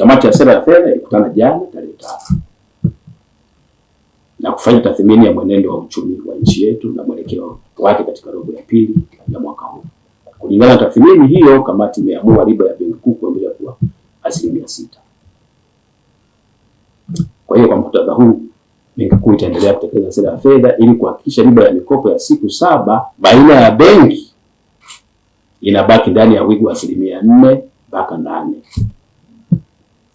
Kamati ya sera ya fedha ilikutana jana tarehe tatu na kufanya tathmini ya mwenendo wa uchumi wa nchi yetu na mwelekeo wake katika robo ya pili ya mwaka huu. Kulingana na tathmini hiyo, kamati imeamua riba ya benki kuu kuendelea kuwa asilimia sita. Kwa hiyo kwa muktadha huu, benki kuu itaendelea kutekeleza sera ya fedha ili kuhakikisha riba ya mikopo ya siku saba baina ya benki inabaki ndani ya wigo wa asilimia nne mpaka nane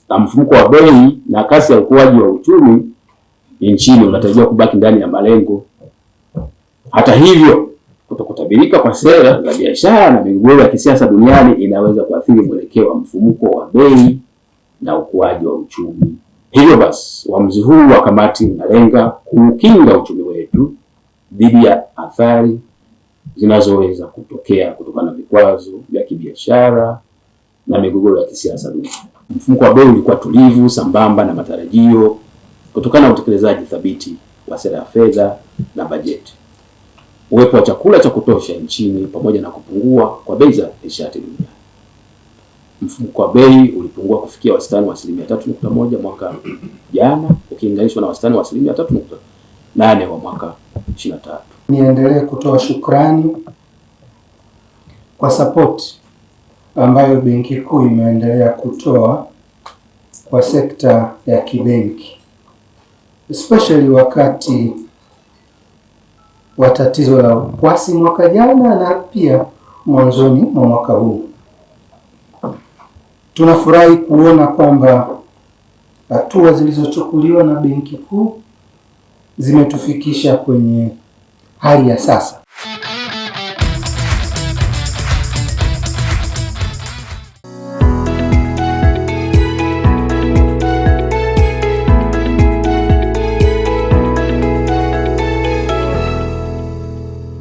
na mfumuko wa bei na kasi ya ukuaji wa uchumi nchini unatarajiwa kubaki ndani ya malengo. Hata hivyo, kutokutabirika kwa sera za biashara na migogoro ya kisiasa duniani inaweza kuathiri mwelekeo wa mfumuko wa bei na ukuaji wa uchumi. Hivyo basi, uamuzi huu wa kamati unalenga kuukinga uchumi wetu dhidi ya athari zinazoweza kutokea kutokana na vikwazo vya kibiashara na migogoro ya kisiasa duniani. Mfumuko wa bei ulikuwa tulivu sambamba na matarajio kutokana na utekelezaji thabiti wa sera ya fedha na bajeti, uwepo wa chakula cha kutosha nchini pamoja na kupungua kwa bei za nishati duniani. Mfumuko wa bei ulipungua kufikia wastani wa asilimia tatu nukta moja mwaka jana ukilinganishwa na wastani wa asilimia tatu nukta nane wa mwaka 23. Niendelee kutoa shukrani kwa sapoti ambayo Benki Kuu imeendelea kutoa kwa sekta ya kibenki especially wakati wa tatizo la ukwasi mwaka jana na pia mwanzoni mwa mwaka huu. Tunafurahi kuona kwamba hatua zilizochukuliwa na Benki Kuu zimetufikisha kwenye hali ya sasa